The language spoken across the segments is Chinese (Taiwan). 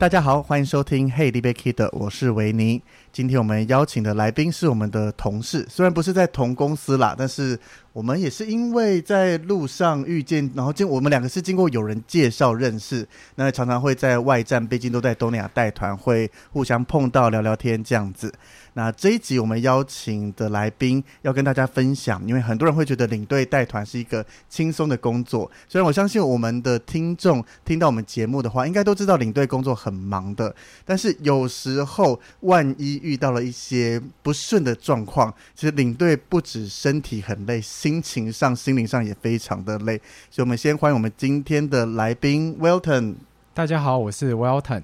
大家好，歡迎收聽《Hey 尼欲去豆》，我是維尼。今天我們邀請的來賓是我們的同事，雖然不是在同公司啦，但是我們也是因為在路上遇見，然後經我們兩個是經過有人介紹認識，那常常會在外站，畢竟都在東南亞帶團，會互相碰到聊聊天這樣子。那這一集我們邀請的來賓要跟大家分享，因為很多人會覺得領隊帶團是一個輕鬆的工作，雖然我相信我們的聽眾聽到我們節目的話，應該都知道領隊工作很忙的，但是有時候萬一。遇到了一些不順的狀況，其實領隊不止身體很累，心情上、心靈上也非常的累。所以，我們先歡迎我們今天的來賓 Welton。大家好，我是 Welton。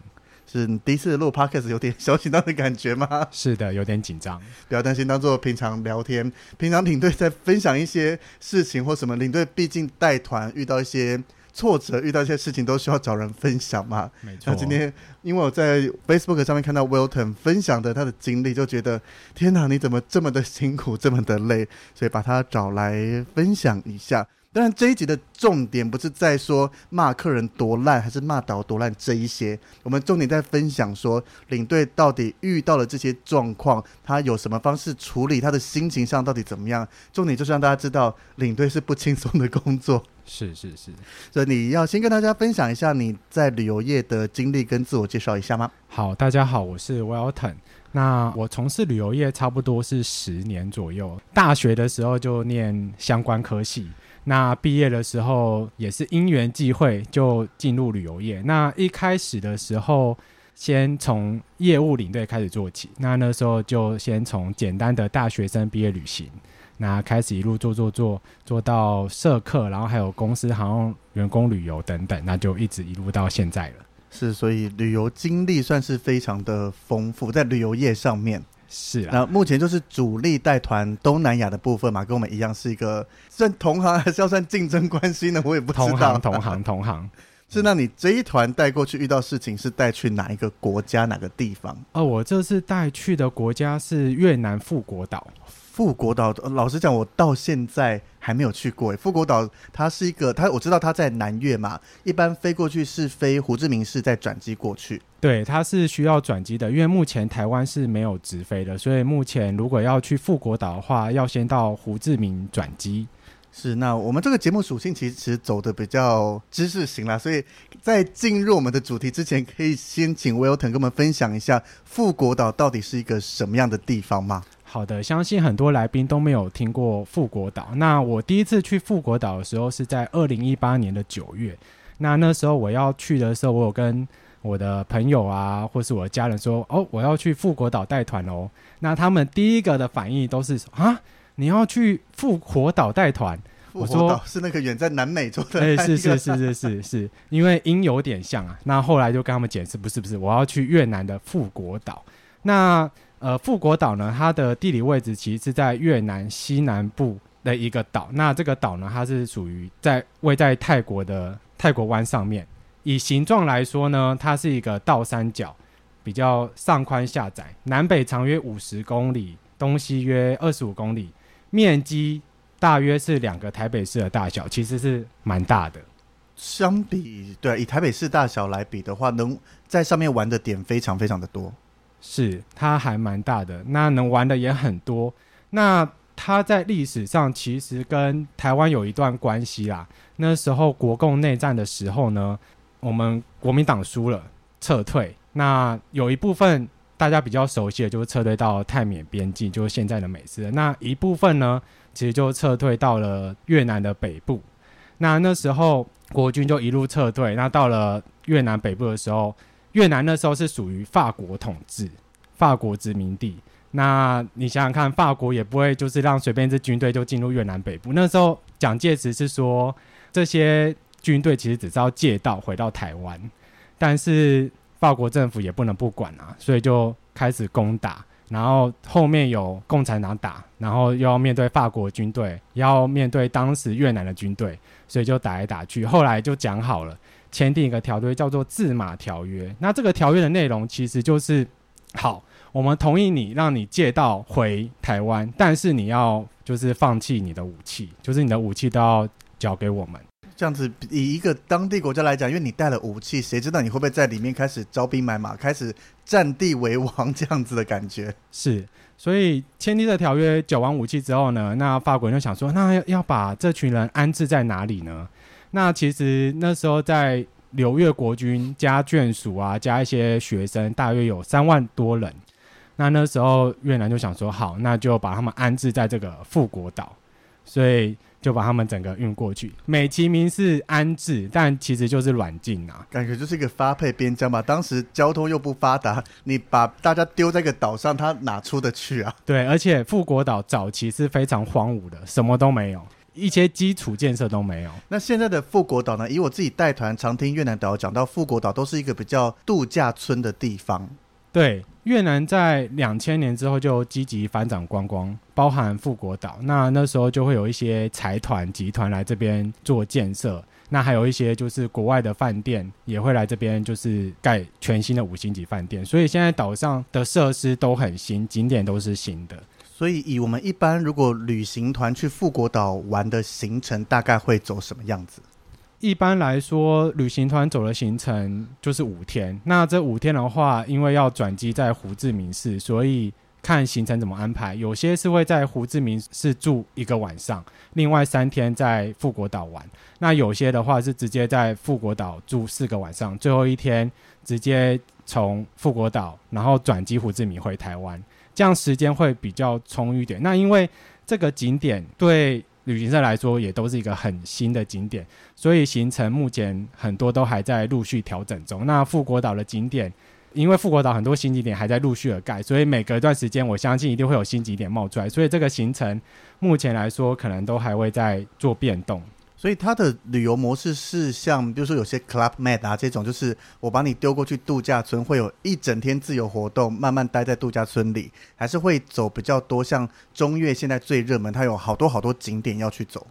是你第一次錄 Podcast，有點小緊張的感覺嗎？是的，有點緊張，不要擔心，當做平常聊天。平常領隊在分享一些事情或什麼，領隊畢竟帶團遇到一些。挫折遇到一些事情都需要找人分享嘛。沒錯、哦，那、呃、今天因為我在 Facebook 上面看到 Welton 分享的他的經歷，就覺得天哪，你怎麼這麼的辛苦，這麼的累？所以把他找來分享一下。當然，這一集的重點不是在說罵客人多爛，還是罵導多爛這一些。我們重點在分享說，領隊到底遇到了這些狀況，他有什麼方式處理，他的心情上到底怎麼樣。重點就是讓大家知道，領隊是不輕鬆的工作。是是是。所以你要先跟大家分享一下你在旅遊業的經歷，跟自我介紹一下嗎？好，大家好，我是 Welton。那我從事旅遊業差不多是十年左右，大學的時候就念相關科系。那畢業的時候也是因緣際會，就進入旅遊業。那一開始的時候，先從業務領隊開始做起。那那時候就先從簡單的大學生畢業旅行，那開始一路做做做，做到社客，然後還有公司行號員工旅遊等等，那就一直一路到現在了。是，所以旅遊經歷算是非常的豐富，在旅遊業上面。是啊，那目前就是主力帶團東南亞的部分嘛，跟我們一樣，是一個是算同行還是要算競爭關係呢？我也不知道。同行，同行，同行。 是呢，那、嗯、你這一團帶過去遇到事情是帶去哪一個國家、哪個地方？哦、啊，我這次帶去的國家是越南富國島。富國島，老實講，我到現在還沒有去過耶。富國島它是一個，它我知道它在南越嘛，一般飛過去是飛胡志明市再轉機過去。對，它是需要轉機的，因為目前台灣是沒有直飛的，所以目前如果要去富國島的話，要先到胡志明轉機。是，那我們這個節目屬性其實走的比較知識型啦，所以在進入我們的主題之前，可以先請 Welton 跟我們分享一下富國島到底是一個什麼樣的地方嗎？好的，相信很多來賓都沒有聽過富國島。那我第一次去富國島的時候是在二零一八年的九月。那那時候我要去的時候，我有跟我的朋友啊，或是我的家人說：“哦，我要去富國島帶團哦。”那他們第一個的反應都是：“啊，你要去復活島帶團？”我說：“復活島是那個遠在南美洲的。”對，是是是是是是， 因為音有點像啊。那後來就跟他們解釋：“不是不是，我要去越南的富國島。”那。呃，富國島呢，它的地理位置其實是在越南西南部的一個島。那這個島呢，它是屬於在位在泰國的泰國灣上面。以形狀來說呢，它是一個倒三角，比較上寬下窄，南北長約五十公里，東西約二十五公里，面積大約是兩個台北市的大小，其實是蠻大的。相比，對啊，以台北市大小來比的話，能在上面玩的點非常非常的多。是，它還蠻大的，那能玩的也很多。那它在歷史上其實跟台灣有一段關係啦。那時候國共內戰的時候呢，我們國民黨輸了，撤退。那有一部分大家比較熟悉的，就是撤退到泰緬邊境，就是現在的美斯樂。那一部分呢，其實就撤退到了越南的北部。那那時候國軍就一路撤退，那到了越南北部的時候，越南那時候是屬於法國統治，法國殖民地。那你想想看，法國也不會就是讓隨便一支軍隊就進入越南北部。那時候蔣介石是說，這些軍隊其實只是要借道回到台灣，但是法國政府也不能不管啊，所以就開始攻打。然後後面有共產黨打，然後又要面對法國軍隊，要面對當時越南的軍隊，所以就打來打去。後來就講好了。簽訂一個條約叫做《制馬條約》，那這個條約的內容其實就是：好，我們同意你，讓你借道回台灣，但是你要就是放棄你的武器，就是你的武器都要繳給我們。這樣子，以一個當地國家來講，因為你帶了武器，誰知道你會不會在裡面開始招兵買馬，開始占地為王這樣子的感覺？是，所以簽訂的條約繳完武器之後呢，那法國人就想說：那要把這群人安置在哪裡呢？那其實那時候在留越國軍加眷屬啊，加一些學生，大約有三萬多人。那那時候越南就想說，好，那就把他們安置在這個富國島，所以就把他們整個運過去，美其名是安置，但其實就是軟禁啊，感覺就是一個發配邊疆吧。當時交通又不發達，你把大家丟在一個島上，他哪出得去啊？對，而且富國島早期是非常荒蕪的，什麼都沒有。一些基礎建設都沒有。那現在的富國島呢？以我自己帶團，常聽越南導遊講到，富國島都是一個比較度假村的地方。對，越南在兩千年之後就積極發展觀光，包含富國島。那那時候就會有一些財團集團來這邊做建設，那還有一些就是國外的飯店也會來這邊，就是蓋全新的五星級飯店。所以現在島上的設施都很新，景點都是新的。所以，以我們一般如果旅行團去富國島玩的行程，大概會走什麼樣子？一般來說，旅行團走的行程就是五天。那這五天的話，因為要轉機在胡志明市，所以看行程怎麼安排。有些是會在胡志明市住一個晚上，另外三天在富國島玩。那有些的話是直接在富國島住四個晚上，最後一天直接從富國島，然後轉機胡志明回台灣。這樣時間會比較充裕點。那因為這個景點對旅行社來說也都是一個很新的景點，所以行程目前很多都還在陸續調整中。那富國島的景點，因為富國島很多新景點還在陸續而蓋，所以每隔一段時間，我相信一定會有新景點冒出來。所以這個行程目前來說，可能都還會再做變動。所以它的旅遊模式是像，比如說有些 Club Med 啊，這種，就是我把你丟過去度假村，會有一整天自由活動，慢慢待在度假村裡，還是會走比較多？像中越現在最熱門，它有好多好多景點要去走。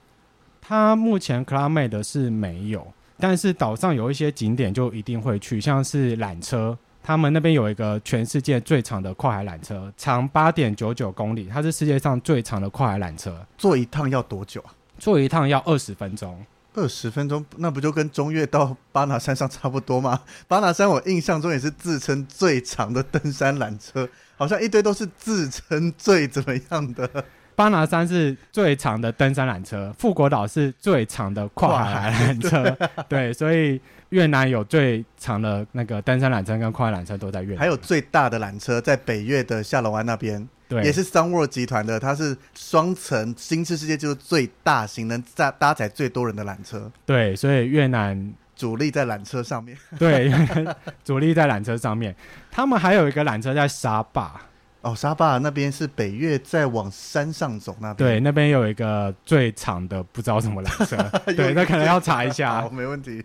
它目前 Club Med 是沒有，但是島上有一些景點就一定會去，像是纜車，他們那邊有一個全世界最長的跨海纜車，長八點九九公里，它是世界上最長的跨海纜車。坐一趟要多久啊？坐一趟要二十分鐘，哦、二十分鐘，那不就跟中越到巴拿山上差不多嗎？巴拿山我印象中也是自稱最長的登山纜車，好像一堆都是自稱最怎麼樣的。巴拿山是最長的登山纜車，富國島是最長的跨海纜車，對啊、對，所以越南有最長的那個登山纜車跟跨海纜車都在越南，還有最大的纜車在北越的下龍灣那邊。對，也是 Sun World 集團的，它是雙層，金氏世界紀錄就是最大型能搭載最多人的纜車。對，所以越南主力在纜車上面。對，主力在纜車上面。 他們還有一個纜車在沙壩。哦，沙壩那邊是北越在往山上走那邊。對，那邊有一個最長的不知道什麼纜車。 對，那可能要查一下。 好，沒問題。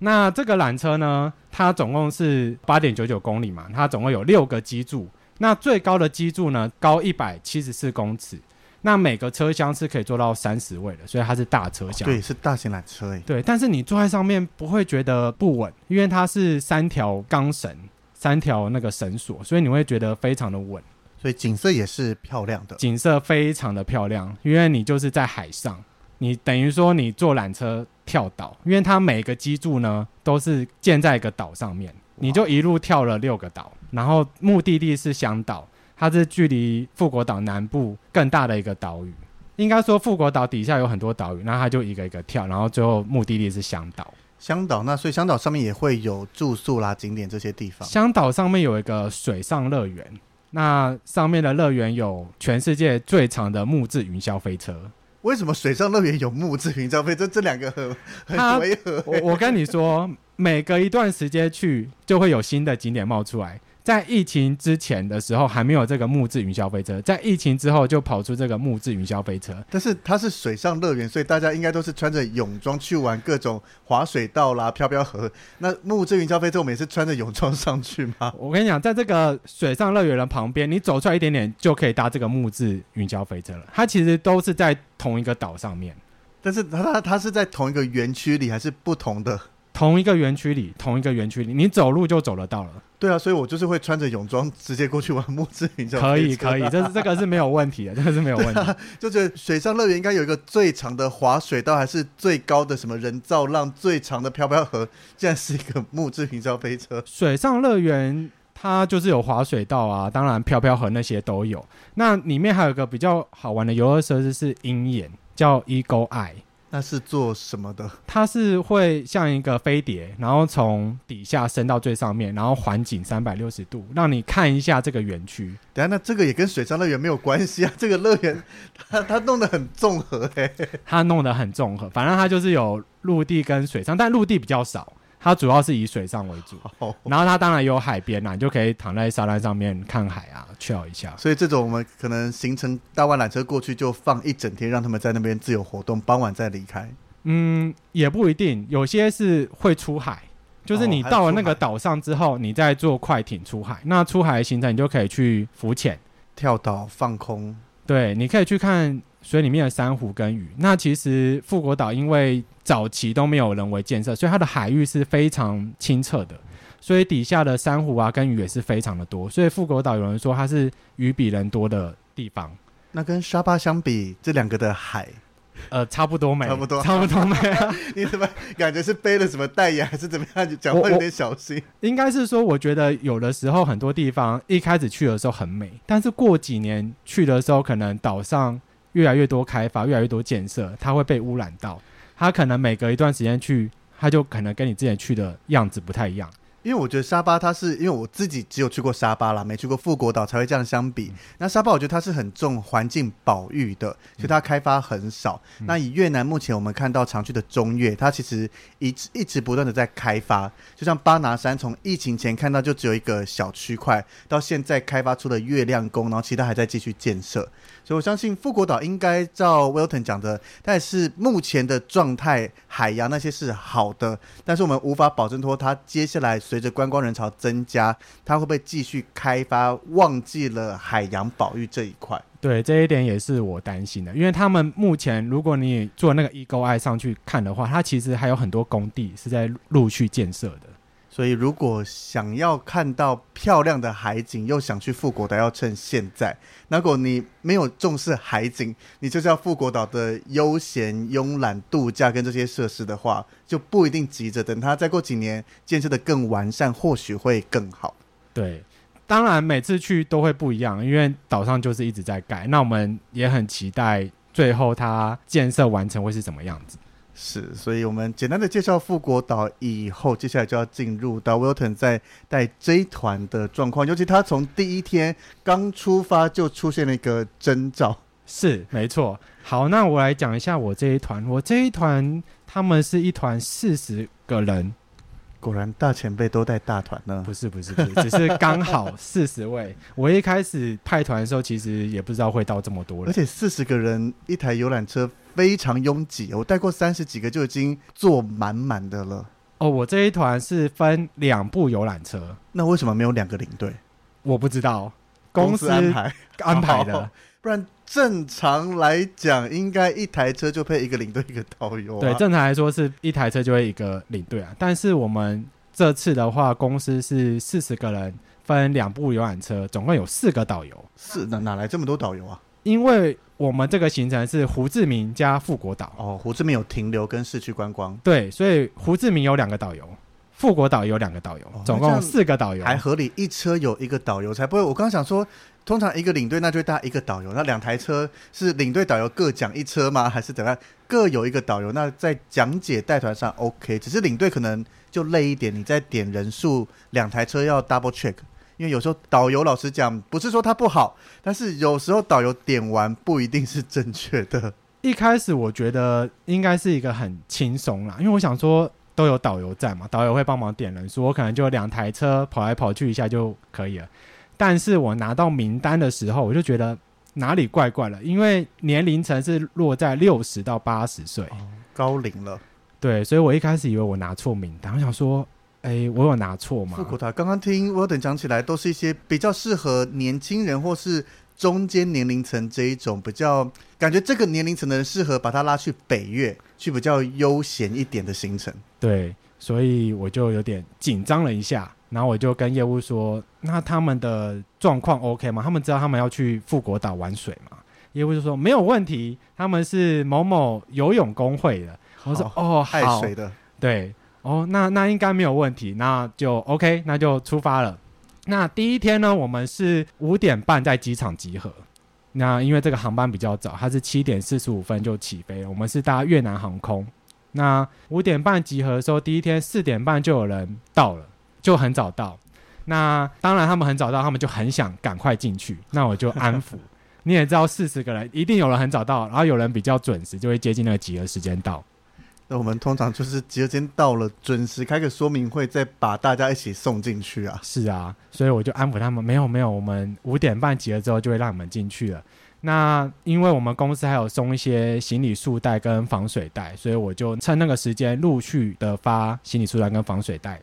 那這個纜車呢？它總共是八點九九公里嘛？它總共有六個基柱。那最高的基柱呢，高一百七十四公尺。那每個車廂是可以坐到三十位的，所以它是大車廂。哦、對，是大型纜車。對，但是你坐在上面不會覺得不穩，因為它是三條鋼繩、三條那個繩索，所以你會覺得非常的穩。所以景色也是漂亮的，景色非常的漂亮，因為你就是在海上，你等於說你坐纜車跳島，因為它每個基柱呢都是建在一個島上面，哇你就一路跳了六個島。然後目的地是香島，它是距離富國島南部更大的一個島嶼。應該說富國島底下有很多島嶼，那它就一個一個跳，然後最後目的地是香島。香島，那所以香島上面也會有住宿啦、景點這些地方。香島上面有一個水上樂園，那上面的樂園有全世界最長的木質雲霄飛車。為什麼水上樂園有木質雲霄飛車？這兩個，很，它很違和欸、我我跟你說， 每隔一段時間去就會有新的景點冒出來。在疫情之前的時候還沒有這個木質雲霄飛車，在疫情之後就跑出這個木質雲霄飛車。但是它是水上樂園，所以大家應該都是穿着泳裝去玩各種滑水道啦、漂漂河。那木質雲霄飛車，我們也是穿着泳裝上去嗎？我跟你講，在這個水上樂園的旁邊，你走出來一點點就可以搭這個木質雲霄飛車了。它其實都是在同一個島上面，但是它它它是在同一個園區裡還是不同的？同一個園區裡，同一個園區裡，你走路就走得到了。對啊，所以我就是會穿着泳裝直接過去玩木製雲霄飛車啊。可以，可以，這是這個是沒有問題的，這個是沒有問題。啊、就是水上樂園應該有一個最長的滑水道，還是最高的什麼人造浪，最長的漂漂河，竟然是一個木製雲霄飛車。水上樂園它就是有滑水道啊，當然漂漂河那些都有。那裡面還有個比較好玩的遊樂設施是鷹眼，叫 Eagle Eye。它是做什麼的？它是會像一個飛碟，然後從底下升到最上面，然後環景三百六十度，讓你看一下這個園區。等一下，那這個也跟水上樂園沒有關係啊？這個樂園， 它它弄得很綜合哎，它弄得很綜合，反正它就是有陸地跟水上，但陸地比較少。它主要是以水上為主，哦、然後它當然有海邊啦、啊，你就可以躺在沙灘上面看海啊，跳一下。所以這種我們可能行程搭完纜車過去，就放一整天讓他們在那邊自由活動，傍晚再離開。嗯，也不一定，有些是會出海，就是你到了那個島上之後，哦、你再坐快艇出海。那出海的行程你就可以去浮潛、跳島、放空。對，你可以去看。所以裡面的珊瑚跟魚，那其實富國島因為早期都沒有人為建設，所以它的海域是非常清澈的。所以底下的珊瑚啊跟魚也是非常的多。所以富國島有人說它是魚比人多的地方。那跟沙巴相比，這兩個的海，呃，差不多美，差不多差不多美，啊。 你怎麼感覺是背了什麼代言還是怎麼樣？你講話有點小心。應該是說，我覺得有的時候很多地方一開始去的時候很美，但是過幾年去的時候，可能島上。越來越多開發，越來越多建設，它會被污染到。它可能每隔一段時間去，它就可能跟你之前去的樣子不太一樣。因為我覺得沙巴，它是因為我自己只有去過沙巴啦，沒去過富國島，才會這樣相比。嗯、那沙巴，我覺得它是很重環境保育的，所以它開發很少。嗯、那以越南目前我們看到常去的中越，它其實一直一直不斷的在開發。就像巴拿山，從疫情前看到就只有一個小區塊，到現在開發出了月亮宮，然後其他還在繼續建設。所以我相信富國島應該照 Welton 講的，但是目前的狀態，海洋那些是好的，但是我們無法保證說它接下來隨隨着觀光人潮增加，它會不會繼續開發？忘記了海洋保育這一塊？對，這一點也是我擔心的。因為他們目前，如果你坐那個 E G O I 上去看的話，它其實還有很多工地是在陸續建設的。所以，如果想要看到漂亮的海景，又想去富國島，要趁現在。如果你沒有重視海景，你就是要富國島的悠閒慵懶度假跟這些設施的話，就不一定急着等它再過幾年建設得更完善，或許會更好。對，當然每次去都會不一樣，因為島上就是一直在改。那我們也很期待最後它建設完成會是什麼樣子。是，所以我們簡單的介紹富國島以後，接下來就要進入到 Welton 在帶這一團的狀況，尤其他從第一天剛出發就出現了一個徵兆。是，沒錯。好，那我來講一下我這一團，我這一團他們是一團四十個人，嗯。果然大前輩都帶大團呢。不是不是不是，只是剛好四十位。 我一開始派團的時候，其實也不知道會到這麼多人。而且四十個人一台遊覽車。非常擁擠，我帶過三十幾個就已經坐滿滿的了。哦，我這一團是分兩部遊覽車，那為什麼沒有兩個領隊？我不知道，公司安排，公司安排的。哦好好。不然正常來講，應該一台車就配一個領隊，一個導遊啊。對，正常來說是一台車就會一個領隊啊。但是我們這次的話，公司是四十個人分兩部遊覽車，總共有四個導遊。是的，哪來這麼多導遊啊？因為。我們這個行程是胡志明加富國島。哦，胡志明有停留跟市區觀光。對，所以胡志明有兩個導遊，富國島有兩個導遊，總共四個導遊還合理。一車有一個導遊才不會。我剛想說，通常一個領隊那就帶一個導遊，那兩台車是領隊導遊各講一車嗎？還是怎樣？各有一個導遊，那在講解帶團上 OK，只是領隊可能就累一點。你再點人數，兩台車要 double check。因為有時候導遊老實講，不是說他不好，但是有時候導遊點完不一定是正確的。一開始我覺得應該是一個很輕鬆啦，因為我想說都有導遊在嘛，導遊會幫忙點人數，所以我可能就兩台車跑來跑去一下就可以了。但是我拿到名單的時候，我就覺得哪裡怪怪了，因為年齡層是落在六十到八十歲，高齡了。對，所以我一開始以為我拿錯名單，我想說。哎，我有拿錯嗎？富國島剛剛聽沃 n 講起來，都是一些比較適合年輕人或是中間年齡層這一種比較感覺這個年齡層的人適合把他拉去北岳，去比較悠閒一點的行程。對，所以我就有點緊張了一下，然後我就跟業務說：“那他們的狀況 OK 嗎？他們知道他們要去富國島玩水嗎？”業務就說：“沒有問題，他們是某某游泳工會的。”我說：“好哦，害海水的，對。”哦，那那應該沒有問題，那就 OK，那就出發了。那第一天呢，我們是五點半在機場集合。那因為這個航班比較早，它是七點四十五分就起飛了。我們是搭越南航空。那五點半集合的時候，第一天四點半就有人到了，就很早到。那當然他們很早到，他們就很想趕快進去。那我就安撫。 你也知道，四十個人一定有人很早到，然後有人比較準時，就會接近那個集合時間到。那我們通常就是集合時間到了，準時開個說明會，再把大家一起送進去啊。是啊，所以我就安撫他們，沒有沒有，我們五點半集合之後就會讓你們進去了。那因為我們公司還有送一些行李束帶跟防水袋，所以我就趁那個時間陸續的發行李束帶跟防水袋。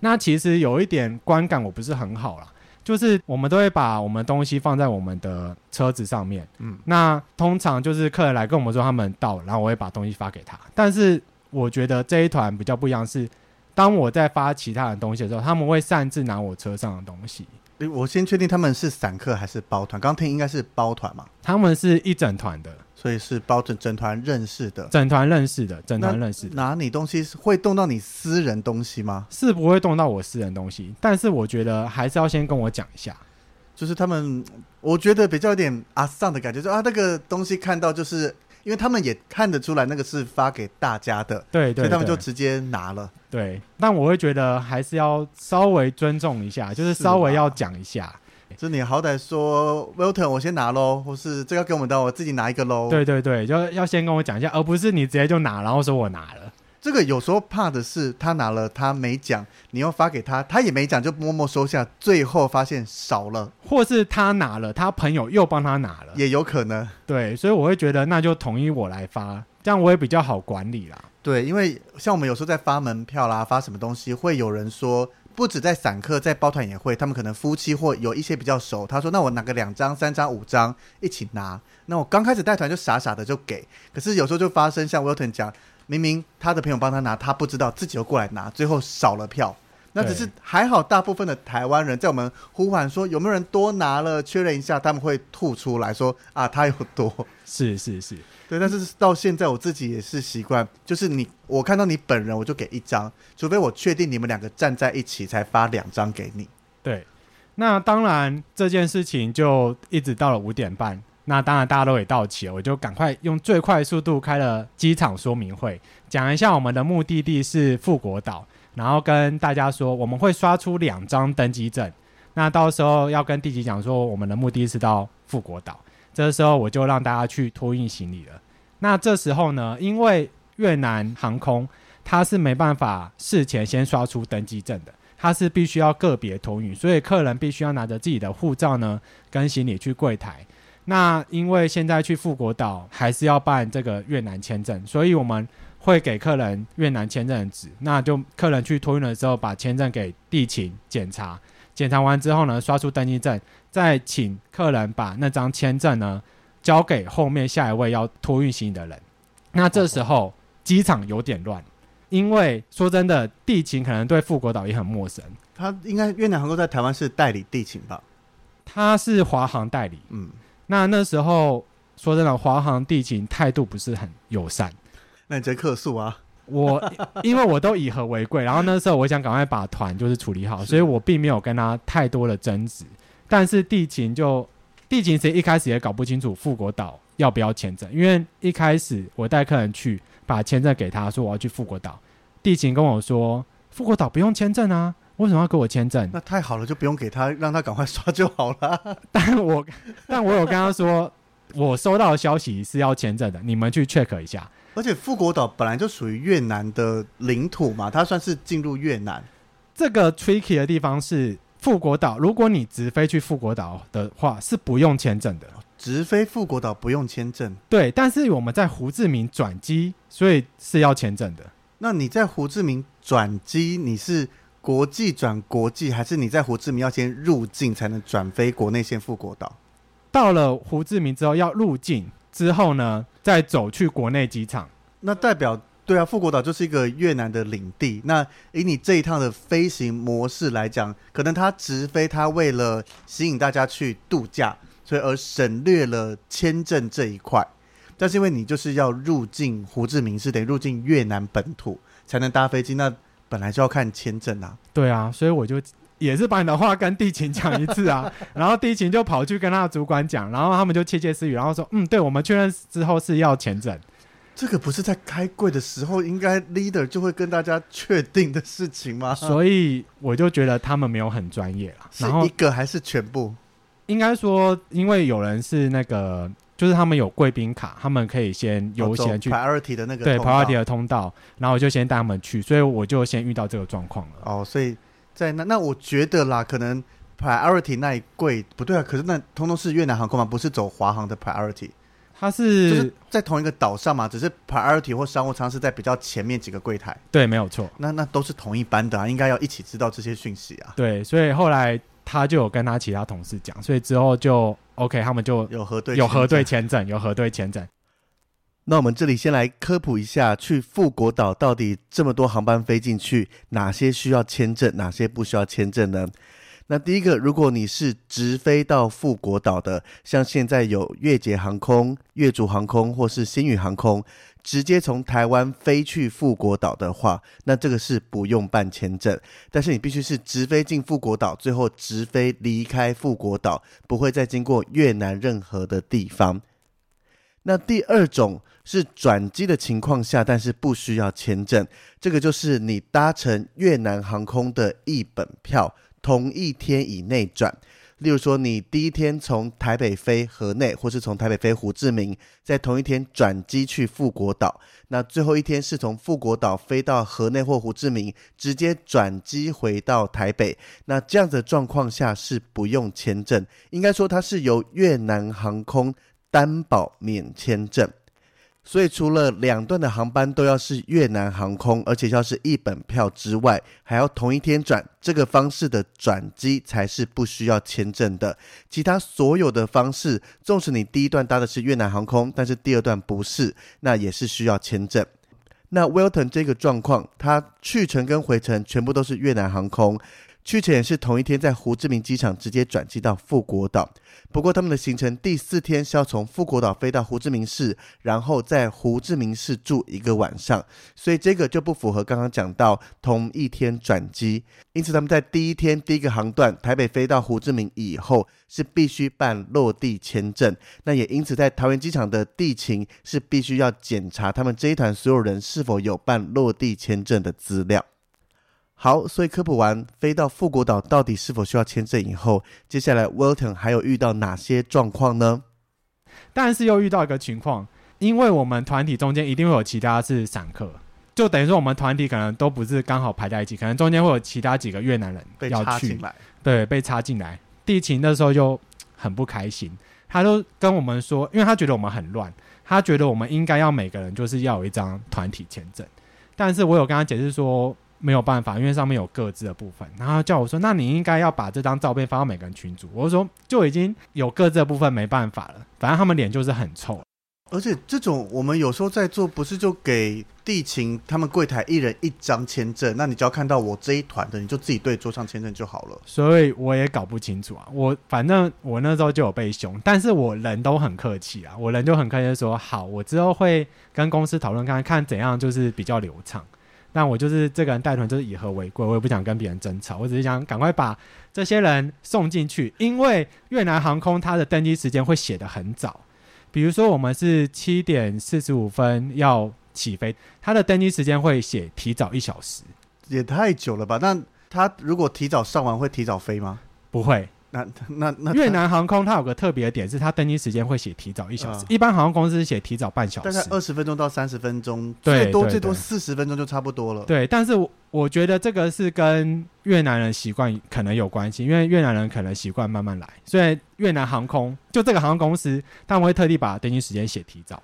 那其實有一點觀感我不是很好啦。就是我們都會把我們東西放在我們的車子上面，嗯，那通常就是客人來跟我們說他們到了，然後我會把東西發給他。但是我覺得這一團比較不一樣是，當我在發其他的東西的時候，他們會擅自拿我車上的東西。我先確定他們是散客還是包團，剛聽應該是包團嘛？他們是一整團的，所以是包整整團認識的，整團認識的，整團認識。拿你東西是會動到你私人東西嗎？是不會動到我私人東西，但是我覺得還是要先跟我講一下，就是他們，我覺得比較有點阿桑的感覺，就啊那個東西看到就是。因為他們也看得出來那個是發給大家的，對,對,對，所以他們就直接拿了對對。對，但我會覺得還是要稍微尊重一下，就是稍微要講一下，是你好歹說，Welton 我先拿嘍，或是這個給我們的，我自己拿一個嘍。對對對，就要要先跟我講一下，而不是你直接就拿，然後說我拿了。這個有時候怕的是他拿了他沒講，你又發給他，他也沒講，就默默收下，最後發現少了，或是他拿了，他朋友又幫他拿了，也有可能。對，所以我會覺得那就統一我來發，這樣我也比較好管理啦。對，因為像我們有時候在發門票啦，發什麼東西，會有人說，不止在散客，在包團也會，他們可能夫妻或有一些比較熟，他說那我拿個兩張、三張、五張一起拿，那我剛開始帶團就傻傻的就給，可是有時候就發生像 Welton 講。明明他的朋友幫他拿，他不知道自己又過來拿，最後少了票。那只是還好，大部分的台灣人在我們呼喚說有沒有人多拿了，確認一下，他們會吐出來說啊，他有多。是是是，對。但是到現在，我自己也是習慣，就是你我看到你本人，我就給一張，除非我確定你們兩個站在一起，才發兩張給你。對。那當然，這件事情就一直到了五點半。那當然，大家都也到齊了，我就趕快用最快速度開了機場說明會，講一下我們的目的地是富國島，然後跟大家說我們會刷出兩張登機證。那到時候要跟地勤講說我們的目的是到富國島，這時候我就讓大家去托運行李了。那這時候呢，因為越南航空它是沒辦法事前先刷出登機證的，它是必須要個別托運，所以客人必須要拿着自己的護照呢跟行李去櫃檯。那因為現在去富國島還是要辦這個越南簽證，所以我們會給客人越南簽證的紙，那就客人去托運的時候把簽證給地勤檢查，檢查完之後呢，刷出登機證，再請客人把那張簽證呢交給後面下一位要托運行李的人。那這時候機場有點亂，因為說真的，地勤可能對富國島也很陌生。他應該越南航空在台灣是代理地勤吧？他是華航代理，嗯。那那時候說真的，華航地勤態度不是很友善。那你在客訴啊？我因為我都以和為貴，然後那時候我想趕快把團就是處理好，所以我並沒有跟他太多的爭執。但是地勤就地勤其實一開始也搞不清楚富國島要不要簽證，因為一開始我帶客人去把簽證給他說我要去富國島，地勤跟我說富國島不用簽證啊。為什麼要給我簽證？那太好了，就不用給他，讓他趕快刷就好了。但我但我有跟他說， 我收到的消息是要簽證的。你們去 check 一下。而且富國島本來就屬於越南的領土嘛，它算是進入越南。這個 tricky 的地方是富國島，如果你直飛去富國島的話是不用簽證的，直飛富國島不用簽證。對，但是我們在胡志明轉機，所以是要簽證的。那你在胡志明轉機，你是？國際轉國際，還是你在胡志明要先入境才能轉飛國內線？富國島到了胡志明之後要入境，之後呢再走去國內機場？那代表，對啊，富國島就是一個越南的領地。那以你這一趟的飛行模式來講，可能它直飛，它為了吸引大家去度假，所以而省略了簽證這一塊。但是因為你就是要入境胡志明，是得入境越南本土才能搭飛機，那。本來就要看簽證啊，對啊，所以我就也是把你的話跟地勤講一次啊， 然後地勤就跑去跟他的主管講，然後他們就竊竊私語，然後說，嗯，對，我們確認之後是要簽證。這個不是在開櫃的時候應該 leader 就會跟大家確定的事情嗎？所以我就覺得他們沒有很專業了。啊，是一個還是全部？應該說，因為有人是那個。就是他們有貴賓卡，他們可以先優先去、哦、priority 的那個通道對 priority 的通道，然後我就先帶他們去，所以我就先遇到這個狀況了。哦，所以在那那我覺得啦，可能 priority 那一櫃不對啊，可是那通通是越南航空嘛，不是走華航的 priority，它是就是在同一個島上嘛，只是 priority 或商務艙是在比較前面幾個櫃台。對，沒有錯。那那都是同一班的、啊，應該要一起知道這些訊息啊。對，所以後來他就有跟他其他同事講，所以之後就。OK，他們就有核對，有核對簽證，有核對簽證。那我們這裡先來科普一下，去富國島到底這麼多航班飛進去，哪些需要簽證，哪些不需要簽證呢？那第一個，如果你是直飛到富國島的，像現在有越捷航空、越竹航空或是星宇航空，直接從台灣飛去富國島的話，那這個是不用辦簽證。但是你必須是直飛進富國島，最後直飛離開富國島，不會再經過越南任何的地方。那第二種是轉機的情況下，但是不需要簽證，這個就是你搭乘越南航空的一本票。同一天以內轉，例如說你第一天從台北飛河內，或是從台北飛胡志明，在同一天轉機去富國島，那最後一天是從富國島飛到河內或胡志明，直接轉機回到台北，那這樣的狀況下是不用簽證，應該說它是由越南航空擔保免簽證。所以，除了兩段的航班都要是越南航空，而且要是一本票之外，還要同一天轉，這個方式的轉機才是不需要簽證的。其他所有的方式，縱使你第一段搭的是越南航空，但是第二段不是，那也是需要簽證。那 Welton 這個狀況，他去程跟回程全部都是越南航空。去程也是同一天在胡志明機場直接轉機到富國島，不過他們的行程第四天是要從富國島飛到胡志明市，然後在胡志明市住一個晚上，所以這個就不符合剛剛講到同一天轉機。因此他們在第一天第一個航段台北飛到胡志明以後，是必須辦落地簽證。那也因此在桃園機場的地勤是必須要檢查他們這一團所有人是否有辦落地簽證的資料。好，所以科普完飛到富國島到底是否需要簽證以後，接下來 Welton 還有遇到哪些狀況呢？但是又遇到一個情況，因為我們團體中間一定會有其他是散客，就等於說我們團體可能都不是剛好排在一起，可能中間會有其他幾個越南人要去被插進來，對，被插進來。地勤那時候就很不開心，他都跟我們說，因為他覺得我們很亂，他覺得我們應該要每個人就是要有一張團體簽證，但是我有跟他解釋說。沒有辦法，因為上面有各自的部分。然後叫我說：“那你應該要把這張照片發到每個群組。”我就說：“就已經有各自的部分，沒辦法了。反正他們臉就是很臭。”而且這種我們有時候在做，不是就給地勤他們櫃檯一人一張簽證？那你就要看到我這一團的，你就自己對桌上簽證就好了。所以我也搞不清楚啊。我反正我那時候就有被兇，但是我人都很客氣啊。我人就很客氣說：“好，我之後會跟公司討論看看，看怎樣就是比較流暢。”那我就是這個人帶團，就是以和為貴，我也不想跟別人爭吵，我只是想趕快把這些人送進去。因為越南航空它的登機時間會寫得很早，比如說我們是七點四十五分要起飛，它的登機時間會寫提早一小時，也太久了吧？那他如果提早上完，會提早飛嗎？不會。那那那越南航空它有個特別的點是，它登機時間會寫提早一小時。呃、一般航空公司寫提早半小時，大概二十分鐘到三十分鐘，對對對，最多最多四十分鐘就差不多了。對，但是我我覺得這個是跟越南人習慣可能有關係，因為越南人可能習慣慢慢來，所以越南航空就這個航空公司，他們會特地把登機時間寫提早，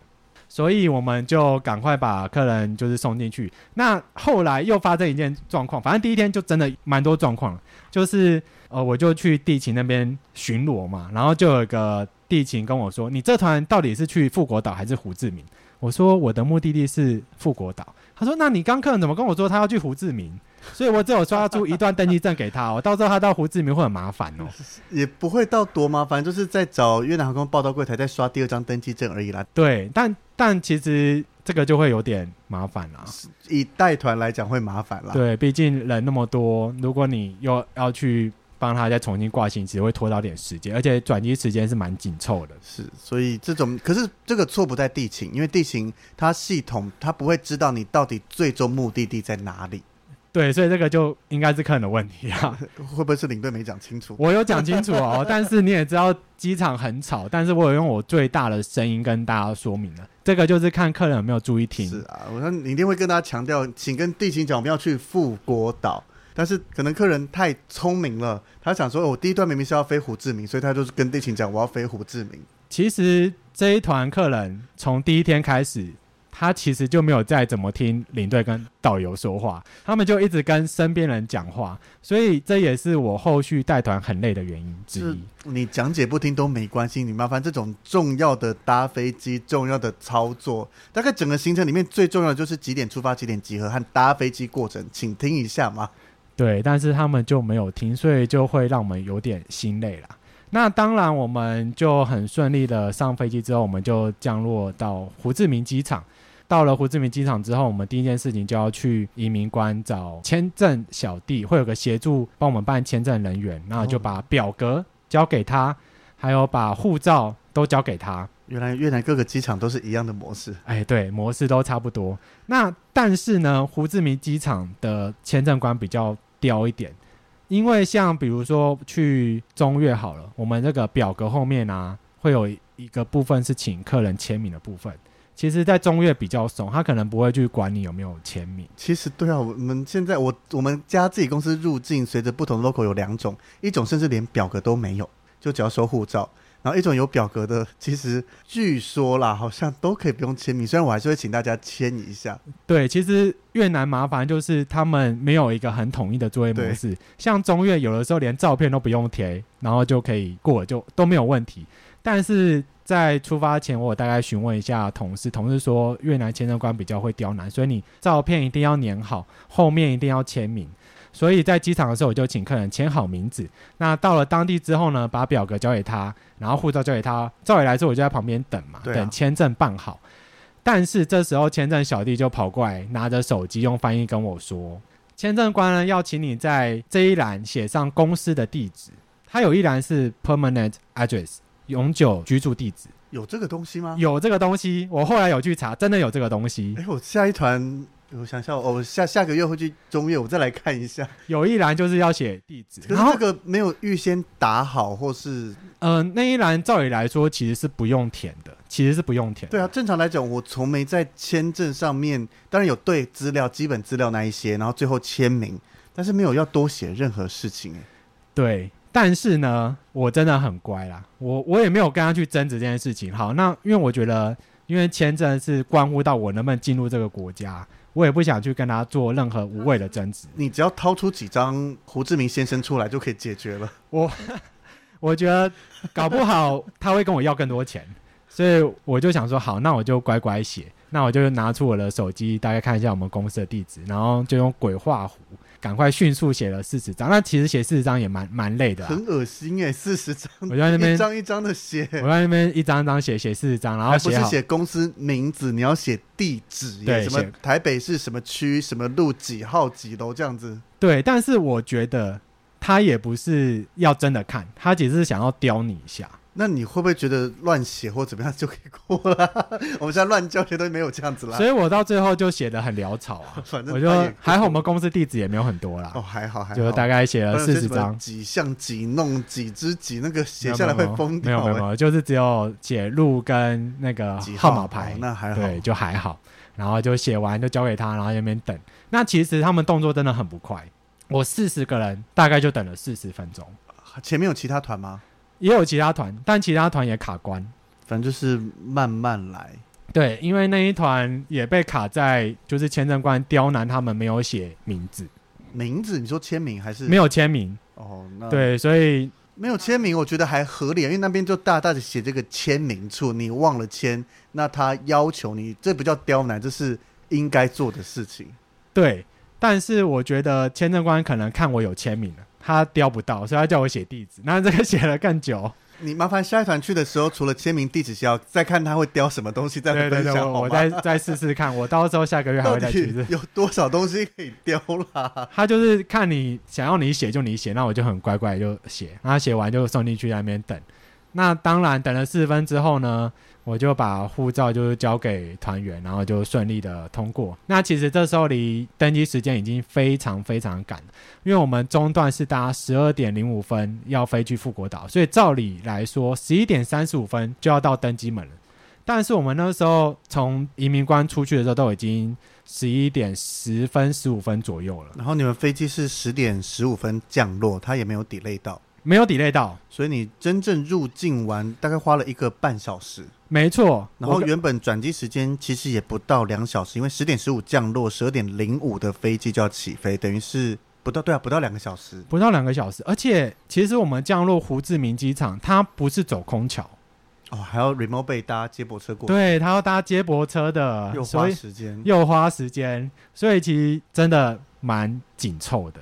所以我們就趕快把客人就是送進去。那後來又發生一件狀況，反正第一天就真的蠻多狀況，就是。呃，我就去地勤那邊巡邏嘛，然後就有一個地勤跟我說：“你這團到底是去富國島還是胡志明？”我說：“我的目的地是富國島。”他說：“那你剛客人怎麼跟我說他要去胡志明？”所以我只有刷出一段登機證給他哦， 我到時候他到胡志明會很麻煩哦、喔，也不會到多麻煩，就是在找越南航空報到櫃台再刷第二張登機證而已啦。對，但但其實這個就會有點麻煩、啊、啦，以帶團來講會麻煩啦。對，畢竟人那麼多，如果你又要去。幫他再重新掛新，只會拖到點時間，而且轉移時間是蠻緊湊的。是，所以這種可是這個錯不在地勤，因為地勤他系統他不會知道你到底最終目的地在哪裡。對，所以這個就應該是客人的問題啊，會不會是領隊沒講清楚？我有講清楚哦， 但是你也知道機場很吵，但是我有用我最大的聲音跟大家說明了，這個就是看客人有沒有注意聽。是啊，我說你一定會跟大家強調，請跟地勤講我們要去富國島。但是可能客人太聰明了，他想說：“我、哦、第一段明明是要飛胡志明，所以他就是跟地勤講我要飛胡志明。”其實這一團客人從第一天開始，他其實就沒有再怎麼聽領隊跟導遊說話，他們就一直跟身邊人講話，所以這也是我後續帶團很累的原因之一。你講解不聽都沒關係，你麻煩這種重要的搭飛機、重要的操作，大概整個行程裡面最重要的就是幾點出發、幾點集合和搭飛機過程，請聽一下嘛。對，但是他們就沒有聽，所以就會讓我們有點心累啦。那當然，我們就很順利的上飛機之後，我們就降落到胡志明機場。到了胡志明機場之後，我們第一件事情就要去移民官找簽證小弟，會有個協助幫我們辦簽證人員，然後就把表格交給他，還有把護照都交給他。原來越南各個機場都是一樣的模式，哎，對，模式都差不多。那但是呢，胡志明機場的簽證官比較刁一點，因為像比如說去中越好了，我們這個表格後面啊，會有一個部分是請客人簽名的部分。其實，在中越比較鬆，他可能不會去管你有沒有簽名。其實，對啊，我們現在我我們家自己公司入境，隨着不同的 local 有兩種，一種甚至連表格都沒有，就只要收護照。然後一種有表格的，其實據說啦，好像都可以不用簽名。雖然我還是會請大家簽一下。對，其實越南麻煩就是他們沒有一個很統一的作業模式。對像中越有的時候連照片都不用貼，然後就可以過，就都沒有問題。但是在出發前，我大概詢問一下同事，同事說越南簽證官比較會刁難，所以你照片一定要粘好，後面一定要簽名。所以在機場的時候，我就請客人簽好名字。那到了當地之後呢，把表格交給他，然後護照交給他。照理來說，我就在旁邊等嘛，啊、等簽證辦好。但是這時候簽證小弟就跑過來，拿着手機用翻譯跟我說：“簽證官呢，要請你在這一欄寫上公司的地址。他有一欄是 Permanent Address，永久居住地址。有這個東西嗎？有這個東西。我後來有去查，真的有這個東西。哎、欸，我下一團。”我想想，我、哦、下下個月會去中越，我再來看一下。有一欄就是要寫地址，可是那個沒有預先打好，然後或是嗯、呃，那一欄照理來說其實是不用填的，其實是不用填。對啊，正常來講，我從沒在簽證上面，當然有對資料、基本資料那一些，然後最後簽名，但是沒有要多寫任何事情、欸。對，但是呢，我真的很乖啦，我我也沒有跟他去爭執這件事情。好，那因為我覺得，因為簽證是關乎到我能不能進入這個國家。我也不想去跟他做任何無謂的爭執。你只要掏出幾張胡志明先生出來就可以解決了我，我我覺得搞不好他會跟我要更多錢， 所以我就想說好，那我就乖乖寫，那我就拿出我的手機，大概看一下我們公司的地址，然後就用鬼畫符。趕快迅速寫了四十張，那其實寫四十張也蠻蠻累的、啊，很噁心哎、欸，四十張，我在那邊一張一張的寫，我在那邊一張一張寫，寫四十張，然後不是寫公司名字，你要寫地址，對，什麼台北市寫什麼區什麼路幾號幾樓這樣子，對，但是我覺得他也不是要真的看，他只是想要刁你一下。那你會不會覺得亂寫或怎麼樣就可以過了、啊？ 我們現在亂教，絕對沒有這樣子了。所以我到最後就寫的很潦草啊， 反正我就還好。我們公司地址也沒有很多啦哦，哦還好還好，還好就大概寫了四十張，幾巷幾弄幾之幾，那個寫下來會瘋掉。沒有，沒有沒有，沒有，就是只有寫路跟那個號碼牌，哦、那還好，對，就還好。然後就寫完就交給他，然後在那邊等。那其實他們動作真的很不快，我四十個人大概就等了四十分鐘。前面有其他團嗎？也有其他團，但其他團也卡關，反正就是慢慢來。對，因為那一團也被卡在，就是簽證官刁難他們沒有寫名字。名字你說簽名還是沒有簽名？哦，那對，所以沒有簽名，我覺得還合理啊，因為那邊就大大的寫這個簽名處，你忘了簽，那他要求你，這不叫刁難，這是應該做的事情。對，但是我覺得簽證官可能看我有簽名了。他雕不到，所以他叫我寫地址。那這個寫了更久。你麻煩下一團去的時候，除了簽名地址，需要再看他會雕什麼東西分享。再對，對對，我，嗎我再再試試看。我到時候下個月還會再去。有多少東西可以雕啦？他就是看你想要你寫就你寫，那我就很乖乖就寫。然後寫完就送進去那邊等。那當然，等了四分之後呢？我就把護照就是交給團員，然後就順利的通過。那其實這時候離登機時間已經非常非常趕了，因為我們中段是搭十二點零五分要飛去富國島，所以照理來說十一點三十五分就要到登機門了。但是我們那時候從移民關出去的時候都已經十一點十分十五分左右了。然後你們飛機是十點十五分降落，它也沒有 delay 到。沒有 delay 到，所以你真正入境完大概花了一個半小時，沒錯。然後原本轉機時間其實也不到兩小時，我因為十點十五降落，十二點零五的飛機就要起飛，等於是不到，對啊，不到兩個小時，不到兩個小時。而且其實我們降落胡志明機場，它不是走空橋哦，還要 remote 搭接駁車過，對，他要搭接駁車的，又花時間，又花時間，所以其實真的蠻緊湊的。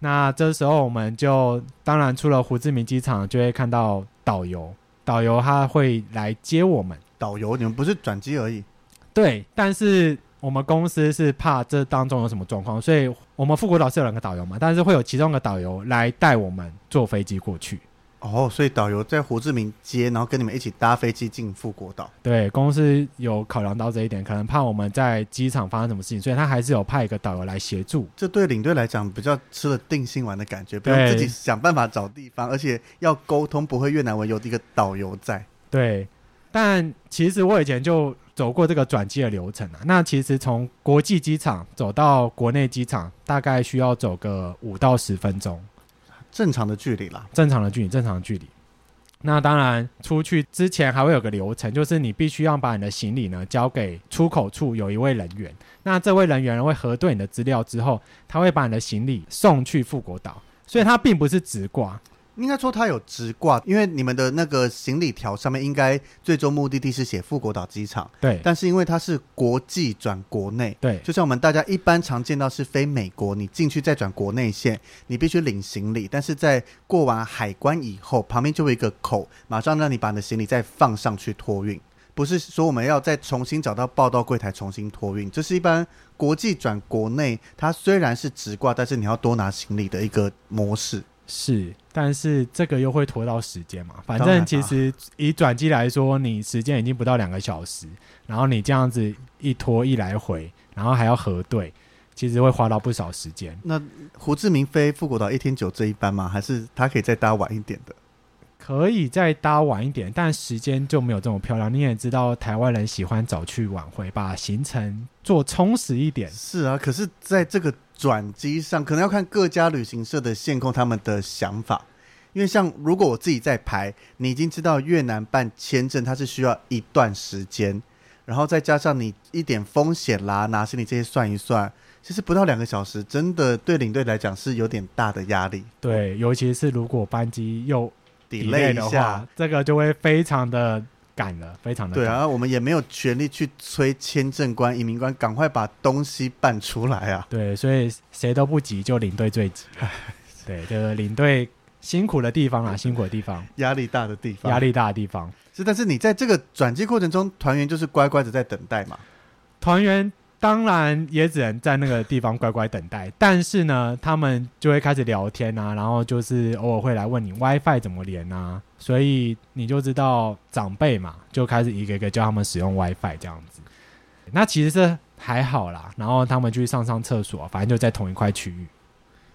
那這時候我們就當然出了胡志明機場，就會看到導遊，導遊他會來接我們。導遊，你們不是轉機而已？對，但是我們公司是怕這當中有什麼狀況，所以我們富國島是有兩個導遊嘛，但是會有其中一個導遊來帶我們坐飛機過去。哦，所以導遊在胡志明接，然後跟你們一起搭飛機進富國島。對，公司有考量到這一點，可能怕我們在機場發生什麼事情，所以他還是有派一個導遊來協助。這對領隊來講比較吃了定心丸的感覺，不用自己想辦法找地方，對而且要溝通不會越南文，有這個導遊在。對，但其實我以前就走過這個轉機的流程啊。那其實從國際機場走到國內機場，大概需要走個五到十分鐘。正常的距離了，正常的距離，正常的距離。那當然，出去之前還會有個流程，就是你必須要把你的行李呢交給出口處有一位人員。那這位人員呢會核對你的資料之後，他會把你的行李送去富國島，所以他並不是直掛。應該說它有直掛，因為你們的那個行李條上面應該最終目的地是寫富國島機場。對，但是因為它是國際轉國內。對，就像我們大家一般常見到是飛美國，你進去再轉國內線，你必須領行李。但是在過完海關以後，旁邊就有一個口，馬上讓你把你的行李再放上去托運。不是說我們要再重新找到報到櫃台重新托運，這是一般國際轉國內，它雖然是直掛，但是你要多拿行李的一個模式。是，但是這個又會拖到時間嘛？反正其實以轉機來說，你時間已經不到兩個小時，然後你這樣子一拖一來回，然後還要核對，其實會花到不少時間。那胡志明飛富國島一天就這一班嗎？還是他可以再搭晚一點的？可以再搭晚一點，但時間就沒有這麼漂亮。你也知道，台灣人喜歡早去晚回，把行程做充實一點。是啊，可是在這個轉機上，可能要看各家旅行社的線控他們的想法。因為，像如果我自己在排，你已經知道越南辦簽證，它是需要一段時間，然後再加上你一點風險啦、拿行李這些，算一算，其實不到兩個小時，真的對領隊來講是有點大的壓力。對，尤其是如果班機又 delay 話一下，這個就會非常的趕了，非常的趕。對啊。我們也沒有權力去催簽證官、移民官，趕快把東西辦出來啊。對，所以誰都不急，就領隊最急。 對，就是領隊辛苦的地方啦， 辛苦的地方，壓力大的地方，壓力大的地方。是，但是你在這個轉機過程中，團員就是乖乖的在等待嘛。團員。當然也只能在那個地方乖乖等待，但是呢，他們就會開始聊天啊，然後就是偶爾會來問你 WiFi 怎麼連啊，所以你就知道長輩嘛，就開始一個一個教他們使用 WiFi 這樣子。那其實是還好啦，然後他們去上上廁所，反正就在同一塊區域。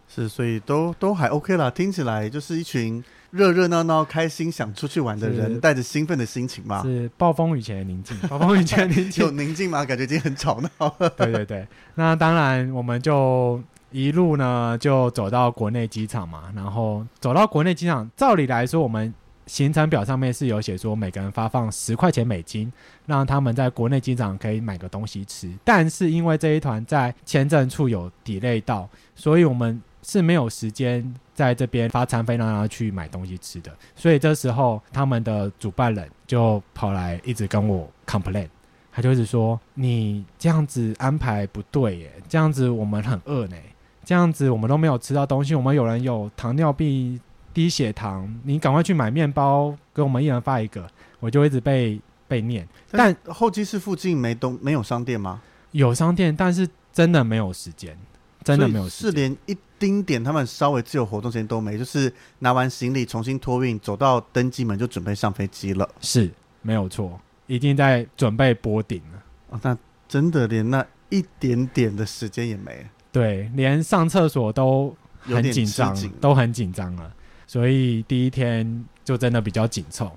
是，所以都都還 OK 啦，聽起來就是一群。熱熱鬧鬧、開心、想出去玩的人，帶着是興奮的心情吧。是暴風雨前的寧靜。暴風雨前寧靜 有寧靜嗎？感覺已經很吵鬧了。 對對對，那當然，我們就一路呢，就走到國內機場嘛。然後走到國內機場，照理來說，我們行程表上面是有寫說，每個人發放十塊錢美金，讓他們在國內機場可以買個東西吃。但是因為這一團在簽證處有 delay 到，所以我們。是沒有時間在這邊發餐費讓他去買東西吃的，所以這時候他們的主辦人就跑來一直跟我 complain，他就一直說：“你這樣子安排不對耶，這樣子我們很餓呢，這樣子我們都沒有吃到東西，我們有人有糖尿病低血糖，你趕快去買麵包給我們一人發一個。”我就一直被被念，但候機室附近沒東沒有商店嗎？有商店，但是真的沒有時間，真的沒有時間，是連一丁點，他們稍微自由活動時間都沒，就是拿完行李重新托運，走到登機門就準備上飛機了。是沒有錯，已經在準備波頂了。哦，那真的連那一點點的時間也沒。對，連上廁所都很緊張，都很緊張了。所以第一天就真的比較緊湊。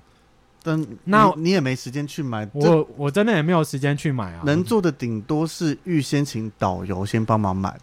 但那你也沒時間去買，我我真的也沒有時間去買啊。能做的頂多是預先請導遊先幫忙買。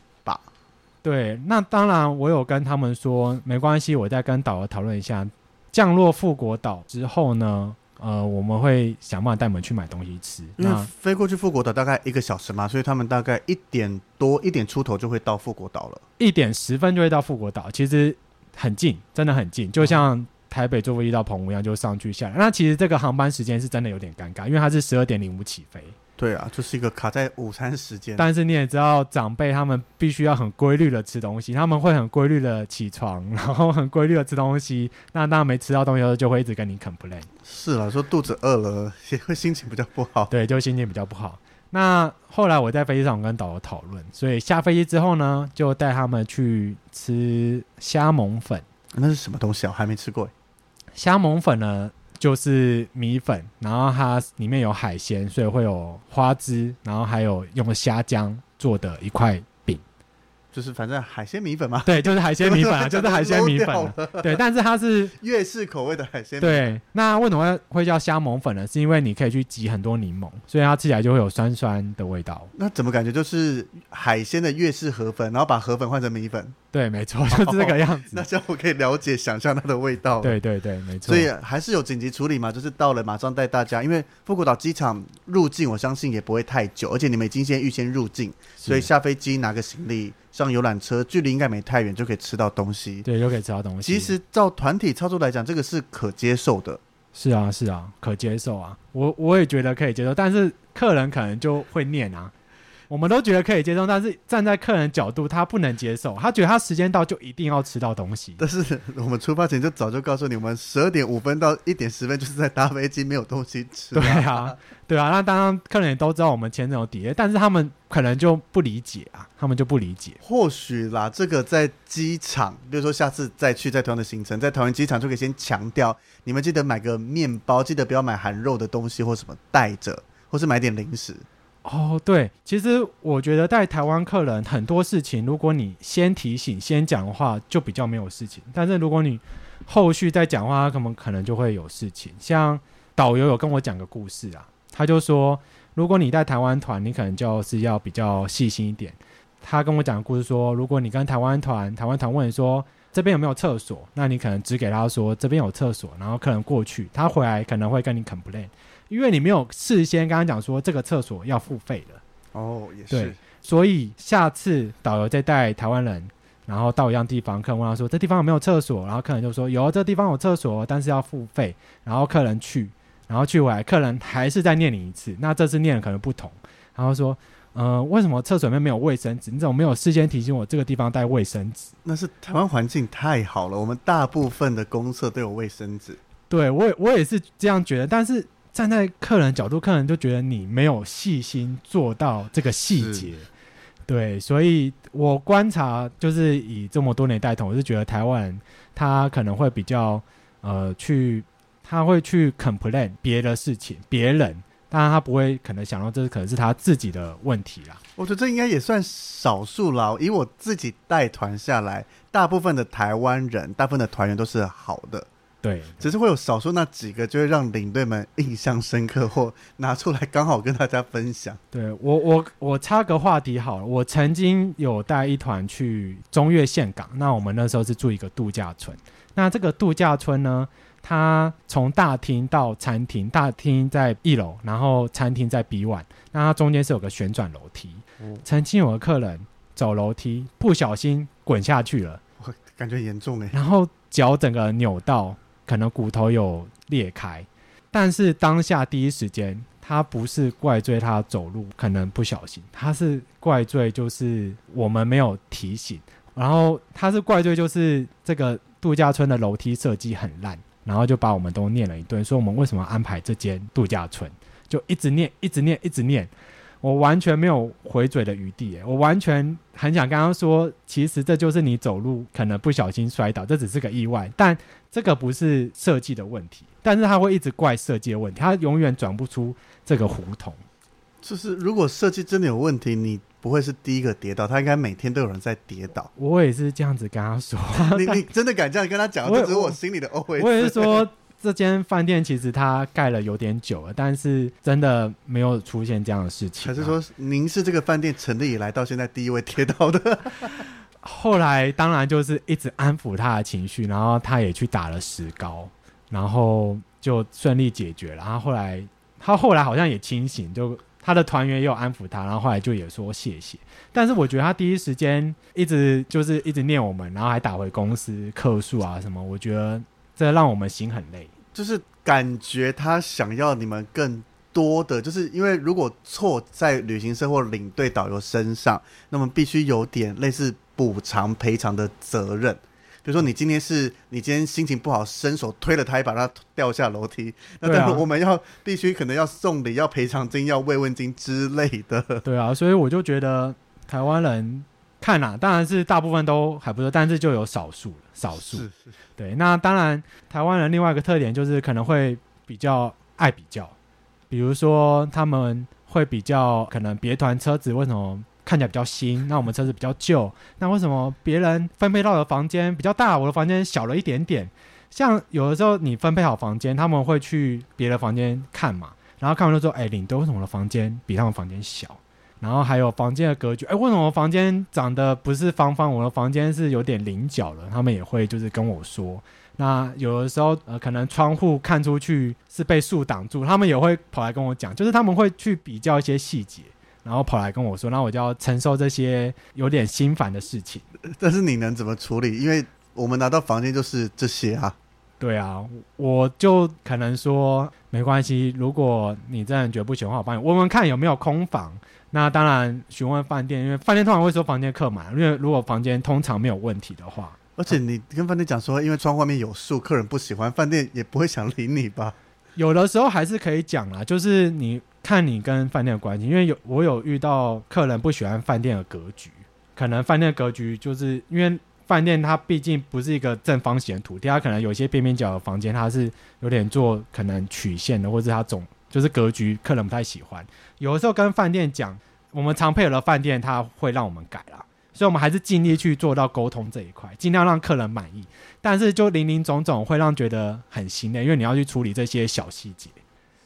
對，那當然，我有跟他們說，沒關係，我再跟導遊討論一下。降落富國島之後呢，呃，我們會想辦法帶你們去買東西吃。那飛過去富國島大概一個小時嘛，所以他們大概一點多一點出頭就會到富國島了，一點十分就會到富國島，其實很近，真的很近，就像台北坐飛機到澎湖一樣，就上去下來。嗯、那其實這個航班時間是真的有點尷尬，因為它是十二點零五起飛。對啊，就是一個卡在午餐時間。但是你也知道，長輩他們必須要很規律的吃東西，他們會很規律的起床，然後很規律的吃東西。那那沒吃到東西，就會一直跟你啃不累。是啊，說肚子餓了也會心情比較不好。對，就心情比較不好。那後來我在飛機上跟導遊討論，所以下飛機之後呢，就帶他們去吃蝦檬粉。那是什麼東西啊？還沒吃過。蝦檬粉呢？就是米粉，然後它裡面有海鮮，所以會有花枝，然後還有用蝦漿做的一塊。就是反正海鮮米粉嘛，對，就是海鮮米粉、啊、 就是海鮮米粉、啊。對， 但是它是越式口味的海鮮。對，那為什麼會叫蝦檬粉呢？是因為你可以去擠很多檸檬，所以它吃起來就會有酸酸的味道。那怎麼感覺就是海鮮的越式河粉，然後把河粉換成米粉？對，沒錯，就是這個樣子、哦。那這樣我可以了解、想象它的味道。對對對，沒錯。所以還是有緊急處理嘛，就是到了馬上帶大家，因為富國島機場入境，我相信也不會太久，而且你們已經先預先入境，所以下飛機拿個行李。像遊覽車距離應該沒太遠，就可以吃到東西。對，就可以吃到東西。其實照團體操作來講，這個是可接受的。是啊，是啊，可接受啊。我我也覺得可以接受，但是客人可能就會念啊。我們都覺得可以接受，但是站在客人的角度，他不能接受。他覺得他時間到就一定要吃到東西。但是我們出發前就早就告訴你我們，十二點五分到一點十分就是在搭飛機，沒有東西吃。對啊， 對啊。那當然，客人也都知道我們簽證有底，但是他們可能就不理解啊，他們就不理解。或許啦，這個在機場，比如說下次再去在台灣的行程，在桃園機場就可以先強調，你們記得買個麵包，記得不要買含肉的東西或什麼帶着，或是買點零食。哦，對，其實我覺得帶台灣客人很多事情，如果你先提醒、先講的話，就比較沒有事情。但是如果你後續再講的話，他可能可能就會有事情。像導遊有跟我講個故事啊，他就說，如果你帶台灣團，你可能就是要比較細心一點。他跟我講的故事說，如果你跟台灣團，台灣團問說這邊有沒有廁所？那你可能只給他說這邊有廁所，然後客人過去，他回來可能會跟你 complain。因為你沒有事先剛剛講說這個廁所要付費的哦，也是對，所以下次導遊再帶台灣人，然後到一樣地方，客人問他說：“這地方有沒有廁所？”然後客人就說：“有，這個地方有廁所，但是要付費。”然後客人去，然後去回來，客人還是再念你一次。那這次念可能不同，然後說：“嗯、呃，為什麼廁所裡面沒有衛生紙？你怎麼沒有事先提醒我這個地方帶衛生紙？”那是台灣環境太好了，我們大部分的公廁都有衛生紙。對我也我也是這樣覺得，但是。站在客人角度，客人就覺得你沒有細心做到這個細節，是對，所以我觀察就是以這麼多年帶團，我是覺得臺灣人他可能會比較呃去，他會去 complain 別的事情，別人，當然他不會可能想到這可能是他自己的問題啦。我覺得這應該也算少數啦，以我自己帶團下來，大部分的臺灣人，大部分的團員都是好的。對，只是會有少數那幾個，就會讓領隊們印象深刻或拿出來剛好跟大家分享對。對我，我我插個話題好了，我曾經有帶一團去中越岘港，那我們那時候是住一個度假村，那這個度假村呢，它從大廳到餐廳，大廳在一樓，然後餐廳在 B1，那它中間是有個旋轉樓梯。哦、曾經有個客人走樓梯不小心滾下去了，我、哦、感覺嚴重哎、欸，然後腳整個扭到。可能骨頭有裂開，但是當下第一時間，他不是怪罪，他走路可能不小心，他是怪罪就是我們沒有提醒，然後他是怪罪就是這個度假村的樓梯設計很爛，然後就把我們都念了一頓，說我們為什麼安排這間度假村，就一直念，一直念，一直念。我完全沒有回嘴的餘地，我完全很想跟他說，其實這就是你走路可能不小心摔倒，這只是個意外，但這個不是設計的問題。但是他會一直怪設計的問題，他永遠轉不出這個胡同。就是如果設計真的有問題，你不會是第一個跌倒，他應該每天都有人在跌倒。我，我也是這樣子跟他說，但你你真的敢這樣跟他講？這我只是我心裡的安慰 OS。我，我也是說。 這間飯店其實他蓋了有點久了，但是真的沒有出現這樣的事情啊。可是說您是這個飯店成立以來到現在第一位貼到的？ 後來當然就是一直安撫他的情緒，然後他也去打了石膏，然後就順利解決了。然後後來他後來好像也清醒，就他的團員也有安撫他，然後後來就也說謝謝。但是我覺得他第一時間一直就是一直念我們，然後還打回公司客訴啊什麼，我覺得。這讓我們心很累，就是感覺他想要你們更多的，就是因為如果錯在旅行社或領隊導遊身上，那麼必須有點類似補償賠償的責任。比如說，你今天是、嗯、你今天心情不好，伸手推了他一把，他掉下樓梯，啊、那但是我們要必須可能要送禮、要賠償金、要慰問金之類的。對啊，所以我就覺得台灣人。看啦、啊，當然是大部分都還不錯，但是就有少數，少數是對。那當然，台灣人另外一個特點就是可能會比較愛比較，比如說他們會比較可能別團車子為什麼看起來比較新，那我們車子比較舊，那為什麼別人分配到的房間比較大，我的房間小了一點點？像有的時候你分配好房間，他們會去別的房間看嘛，然後看完了說，哎、欸，領隊為什麼我的房間比他們房間小？然後還有房間的格局，哎，為什麼我房間長得不是方方？我的房間是有點稜角的。他們也會就是跟我說，那有的時候呃，可能窗戶看出去是被樹擋住，他們也會跑來跟我講，就是他們會去比較一些細節，然後跑來跟我說，那我就要承受這些有點心煩的事情。但是你能怎麼處理？因為我們拿到房間就是這些啊。對啊，我就可能說沒關係，如果你真的覺得不喜歡，我幫你問問看有沒有空房。那當然，詢問飯店，因為飯店通常會說房間客滿。因為如果房間通常沒有問題的話，而且你跟飯店講說，因為窗外面有樹，客人不喜歡，飯店也不會想理你吧？有的時候還是可以講啦，就是你看你跟飯店的關係，因為有我有遇到客人不喜歡飯店的格局，可能飯店格局就是因為飯店它畢竟不是一個正方形的土地，它可能有些邊邊角的房間，它是有點做可能曲線的，或是它總就是格局客人不太喜歡。有的時候跟飯店講。我們常配合的飯店，他會讓我們改啦，所以我們還是盡力去做到溝通這一塊，盡量讓客人滿意。但是就林林總總，會讓覺得很心累，因為你要去處理這些小細節。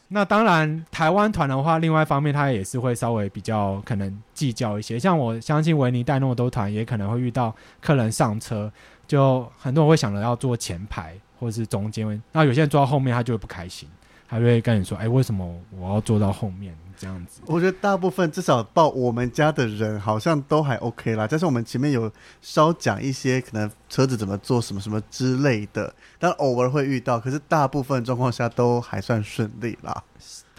那當然，台灣團的話，另外一方面他也是會稍微比較可能計較一些。像我相信維尼帶那麼多團，也可能會遇到客人上車就很多人會想着要坐前排或是中間，那有些人坐到後面他就會不開心，他就會跟你說：“哎、欸，為什麼我要坐到後面？”這樣子，我覺得大部分至少報我們家的人好像都還 OK 啦。加上我們前面有稍講一些可能車子怎麼做什麼什麼之類的，但偶爾會遇到，可是大部分狀況下都還算順利啦。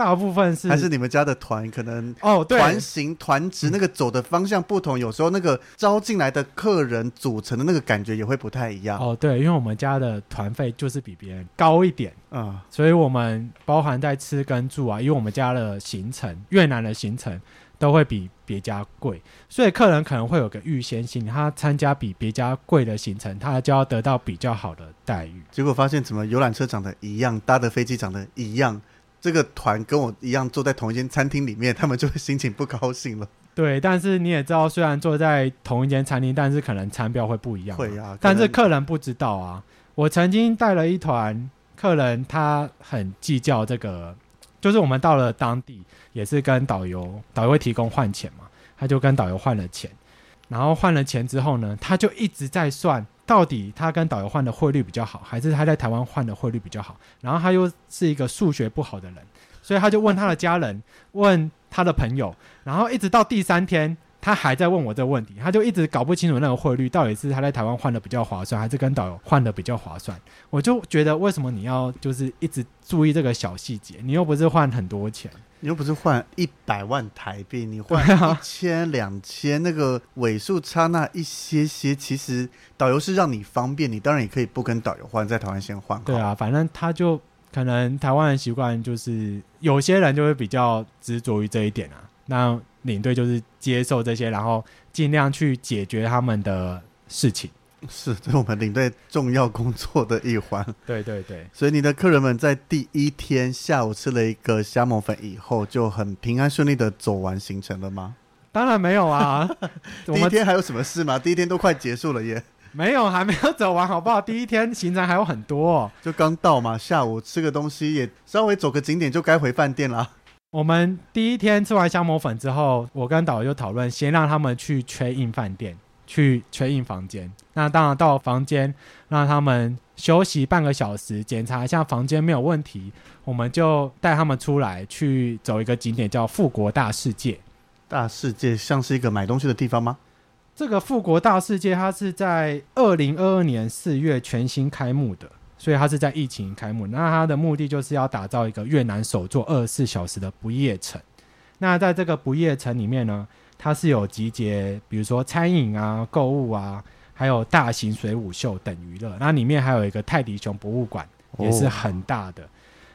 大部分是還是你們家的團可能團哦，對，團型、團值、嗯、那個走的方向不同，有時候那個招進來的客人組成的那個感覺也會不太一樣哦。對，因為我們家的團費就是比別人高一點啊，嗯、所以我們包含在吃跟住啊，因為我們家的行程、越南的行程都會比別家貴，所以客人可能會有個預先性，他參加比別家貴的行程，他就要得到比較好的待遇。結果發現，怎麼遊覽車長得一樣，搭的飛機長得一樣。這個團跟我一樣坐在同一間餐廳裡面，他們就會心情不高興了。對，但是你也知道，雖然坐在同一間餐廳，但是可能餐標會不一樣啊，會啊。但是客人不知道啊。我曾經帶了一團客人，他很計較這個，就是我們到了當地，也是跟導遊，導遊會提供換錢嘛，他就跟導遊換了錢，然後換了錢之後呢，他就一直在算。到底他跟導遊換的匯率比較好，還是他在台灣換的匯率比較好？然後他又是一個數學不好的人，所以他就問他的家人，問他的朋友，然後一直到第三天，他還在問我這個問題，他就一直搞不清楚那個匯率到底是他在台灣換的比較划算，還是跟導遊換的比較划算。我就覺得，為什麼你要就是一直注意這個小細節？你又不是換很多錢。你又不是換一百萬台幣，你換一千兩千，那個尾數差那一些些，其實導遊是讓你方便，你當然也可以不跟導遊換，在台灣先換。對啊，反正他就可能台灣的習慣就是有些人就會比較執着於這一點啊，那領隊就是接受這些，然後盡量去解決他們的事情。是，這是我們領隊重要工作的一環。 對對對，所以你的客人們在第一天下午吃了一個蝦檬粉以後，就很平安順利的走完行程了嗎？當然沒有啊， 第一天還有什麼事嗎？第一天都快結束了耶，沒有，還沒有走完好不好？ 第一天行程還有很多，哦，就剛到嘛，下午吃個東西，也稍微走個景點就，就該回飯店了。我們第一天吃完蝦檬粉之後，我跟導遊就討論，先讓他們去 check in 飯店。去 check in 房間。那當然到房間，讓他們休息半個小時，檢查一下房間沒有問題，我們就帶他們出來去走一個景點，叫富國大世界。大世界像是一個買東西的地方嗎？這個富國大世界它是在二零二二年四月全新開幕的，所以它是在疫情開幕的。那它的目的就是要打造一個越南首座二十四小時的不夜城。那在這個不夜城裡面呢？它是有集結，比如說餐飲啊、購物啊，還有大型水舞秀等娛樂。那裡面還有一個泰迪熊博物館，哦、也是很大的。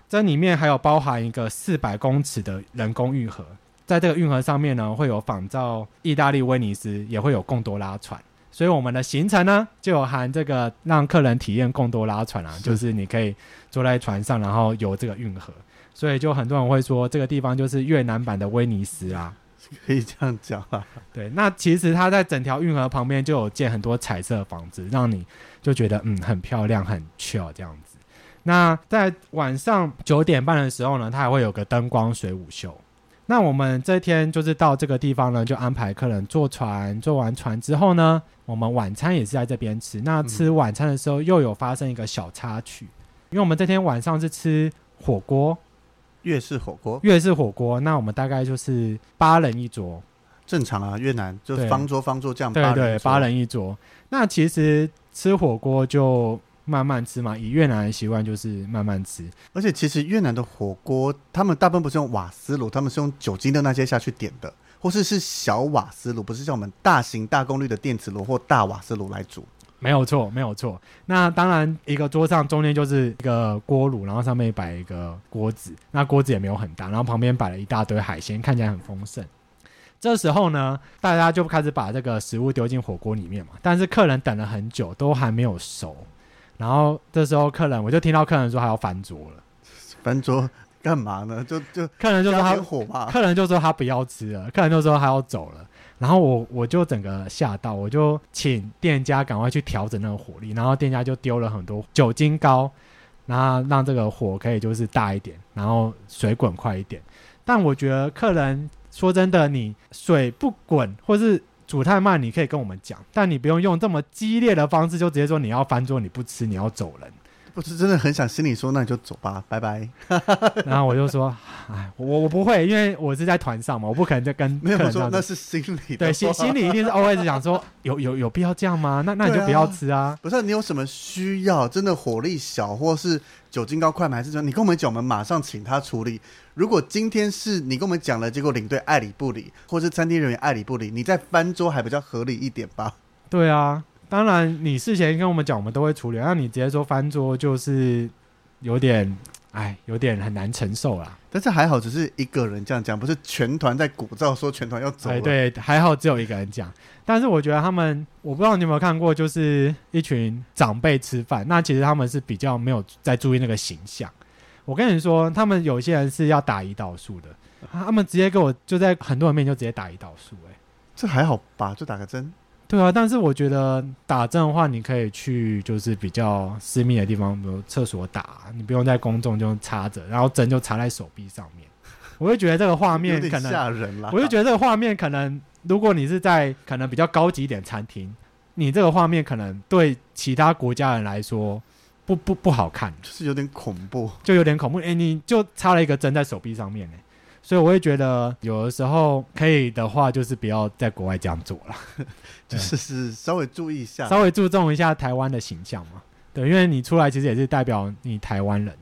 這裡面還有包含一個四百公尺的人工運河，在這個運河上面呢，會有仿造意大利威尼斯，也會有貢多拉船。所以我們的行程呢，就有含這個讓客人體驗貢多拉船啊，是就是你可以坐在船上，然後遊這個運河。所以就很多人會說，這個地方就是越南版的威尼斯啊。可以這樣講啊，對。那其實他在整條運河旁邊就有建很多彩色的房子，讓你就覺得嗯很漂亮、很 chill 這樣子。那在晚上九點半的時候呢，它還會有個燈光水舞秀。那我們這天就是到這個地方呢，就安排客人坐船，坐完船之後呢，我們晚餐也是在這邊吃。那吃晚餐的時候又有發生一個小插曲，因為我們這天晚上是吃火鍋。越式火鍋，越式火鍋，那我們大概就是八人一桌，正常啊。越南就方桌方桌，這樣，八對，對，對，八人一桌。那其實吃火鍋就慢慢吃嘛，以越南的習慣就是慢慢吃。而且其實越南的火鍋，他們大部分不是用瓦斯爐，他們是用酒精的那些下去點的，或是是小瓦斯爐，不是像我們大型大功率的電磁爐或大瓦斯爐來煮。沒有錯，沒有錯。那當然，一個桌上中間就是一個鍋爐，然後上面擺一個鍋子，那鍋子也沒有很大，然後旁邊擺了一大堆海鮮，看起來很豐盛。這時候呢，大家就開始把這個食物丟進火鍋裡面嘛。但是客人等了很久，都還沒有熟。然後這時候客人，我就聽到客人說他要翻桌了。翻桌幹嘛呢？就就客人就說他，客人就說他不要吃了，客人就說他要走了。然後我我就整個嚇到，我就請店家趕快去調整那個火力，然後店家就丟了很多酒精膏，然後讓這個火可以就是大一點，然後水滾快一點。但我覺得客人說真的，你水不滾或是煮太慢，你可以跟我們講，但你不用用這麼激烈的方式，就直接說你要翻桌，你不吃，你要走人。不是真的很想心裡說，那你就走吧，拜拜。 然後我就說，哎，我我不會，因為我是在團上嘛，我不可能在跟。沒有說那是心裡。對心心裡一定是 always 想說， 有有有必要這樣嗎？那那你就不要吃啊。啊不是你有什麼需要，真的火力小，或是酒精高、快門，還是說你跟我們講，我們馬上請他處理。如果今天是你跟我們講了，結果領隊愛理不理，或是餐廳人員愛理不理，你再翻桌還比較合理一點吧？對啊。當然，你事前跟我們講，我們都會處理。那你直接說翻桌，就是有點，哎，有點很難承受啦。但是還好，只是一個人這樣講，不是全團在鼓譟說全團要走。哎，對，還好只有一個人講。但是我覺得他們，我不知道你有沒有看過，就是一群長輩吃飯，那其實他們是比較沒有在注意那個形象。我跟你說，他們有些人是要打胰島素的，他們直接給我就在很多人面前就直接打胰島素，欸，哎，這還好吧？就打個針。對啊，但是我覺得打針的話，你可以去就是比較私密的地方，比如廁所打，你不用在公眾就插着，然後針就插在手臂上面。我就覺得這個畫面可能嚇人了。我就覺得這個畫面可能，如果你是在可能比較高級一點餐廳，你這個畫面可能對其他國家人來說不不不好看，就是有點恐怖，就有點恐怖。哎，你就插了一個針在手臂上面誒，哎。所以我會覺得，有的時候可以的話，就是不要在國外這樣做了， 就是是稍微注意一下，稍微注重一下台灣的形象嘛。對，因為你出來其實也是代表你台灣人。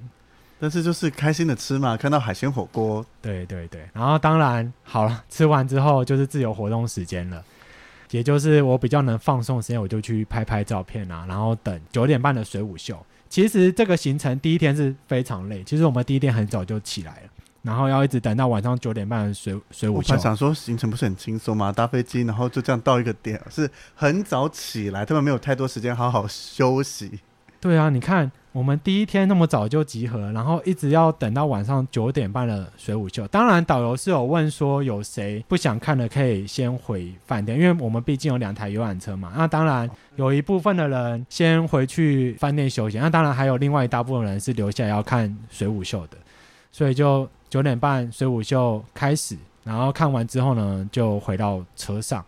但是就是開心的吃嘛，看到海鮮火鍋，對對對。然後當然好了，吃完之後就是自由活動時間了，也就是我比較能放鬆時間，我就去拍拍照片啊，然後等九點半的水舞秀。其實這個行程第一天是非常累，其實我們第一天很早就起來了。然後要一直等到晚上九點半的水水舞秀。我想說行程不是很輕鬆嘛？搭飛機，然後就這樣到一個點，是很早起來，他們沒有太多時間好好休息。對啊，你看我們第一天那麼早就集合，然後一直要等到晚上九點半的水舞秀。當然，導遊是有問說有誰不想看的可以先回飯店，因為我們畢竟有兩台遊覽車嘛。那當然有一部分的人先回去飯店休息。那當然還有另外一大部分的人是留下來要看水舞秀的，所以就。九點半水舞秀開始，然後看完之後呢，就回到車上。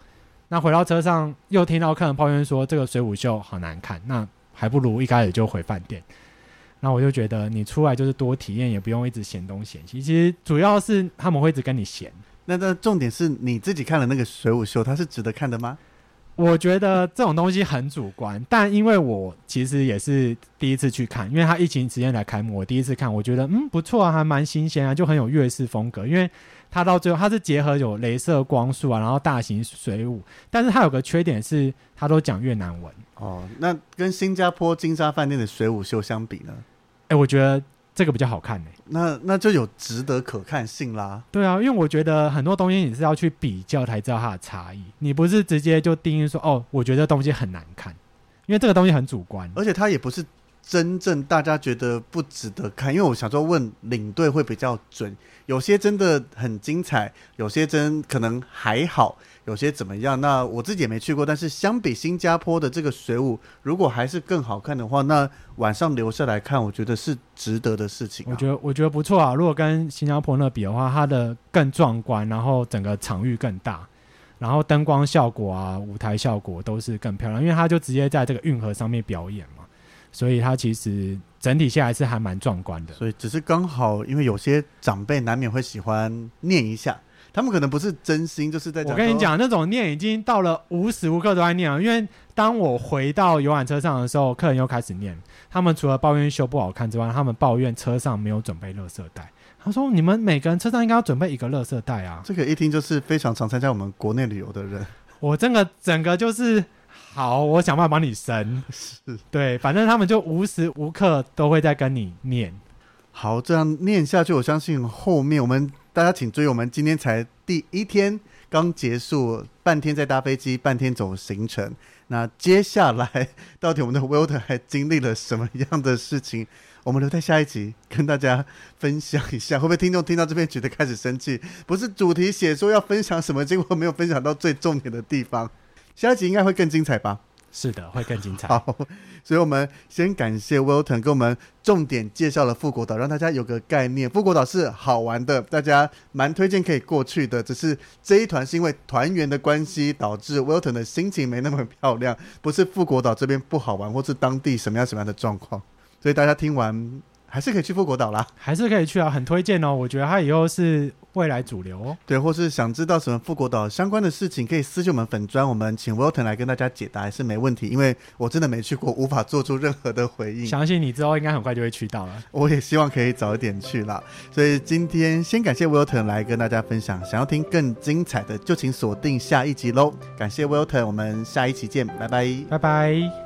那回到車上又聽到客人抱怨說這個水舞秀很難看，那還不如一開始就回飯店。那我就覺得你出來就是多體驗，也不用一直嫌東嫌西。其實主要是他們會一直跟你嫌。那那重點是你自己看的那個水舞秀，它是值得看的嗎？我覺得這種東西很主觀，但因為我其實也是第一次去看，因為它疫情期間來開幕，我第一次看，我覺得嗯不錯啊，還蠻新鮮啊，就很有越式風格，因為它到最後它是結合有鐳射光束啊，然後大型水舞，但是它有個缺點是它都講越南文哦，那跟新加坡金沙飯店的水舞秀相比呢？誒、欸，我覺得。這個比較好看欸，那那就有值得可看性啦！對啊，因為我覺得很多東西你是要去比較才知道它的差異，你不是直接就定義說哦，我覺得東西很難看，因為這個東西很主觀，而且它也不是真正大家覺得不值得看。因為我想說問領隊會比較準，有些真的很精彩，有些真可能還好。有些怎麼樣？那我自己也沒去過，但是相比新加坡的這個水舞，如果還是更好看的話，那晚上留下來看，我覺得是值得的事情啊。我覺得我覺得不錯啊，如果跟新加坡那比的話，它的更壯觀，然後整個場域更大，然後燈光效果啊、舞台效果都是更漂亮，因為它就直接在這個運河上面表演嘛，所以它其實整體下來是還蠻壯觀的。所以只是剛好，因為有些長輩難免會喜歡念一下。他們可能不是真心，就是在講。我跟你講，那種念已經到了無時無刻都在念了。因為當我回到遊覽車上的時候，客人又開始念。他們除了抱怨秀不好看之外，他們抱怨車上沒有準備垃圾袋。他說：“你們每個人車上應該要準備一個垃圾袋啊！”這個一聽就是非常常參加我們國內旅遊的人。我真的整個就是好，我想辦法幫你生。是對，反正他們就無時無刻都會在跟你念。好，這樣念下去，我相信後面我們大家請注意，我們今天才第一天剛結束，半天在搭飛機，半天走行程。那接下來到底我們的 Welton 還經歷了什麼樣的事情？我們留在下一集跟大家分享一下。會不會聽眾聽到這邊覺得開始生氣？不是主題寫說要分享什麼，結果沒有分享到最重點的地方。下一集應該會更精彩吧？是的，會更精彩。 好，所以我們先感謝 Welton 給我們重點介紹了富國島，讓大家有個概念。富國島是好玩的，大家蠻推薦可以過去的。只是這一團是因為團員的關係，導致 Welton 的心情沒那麼漂亮。不是富國島這邊不好玩，或是當地什麼樣什麼樣的狀況。所以大家聽完，還是可以去富國島啦，還是可以去啊，很推薦哦。我覺得它以後是未來主流哦。對，或是想知道什麼富國島相關的事情，可以私訊我們粉專，我們請 Welton 來跟大家解答還是沒問題。因為我真的沒去過，無法做出任何的回應。相信你之後應該很快就會去到了，我也希望可以早一點去啦。所以今天先感謝 Welton 來跟大家分享，想要聽更精彩的，就請鎖定下一集嘍。感謝 Welton，我們下一期見，拜拜，拜拜。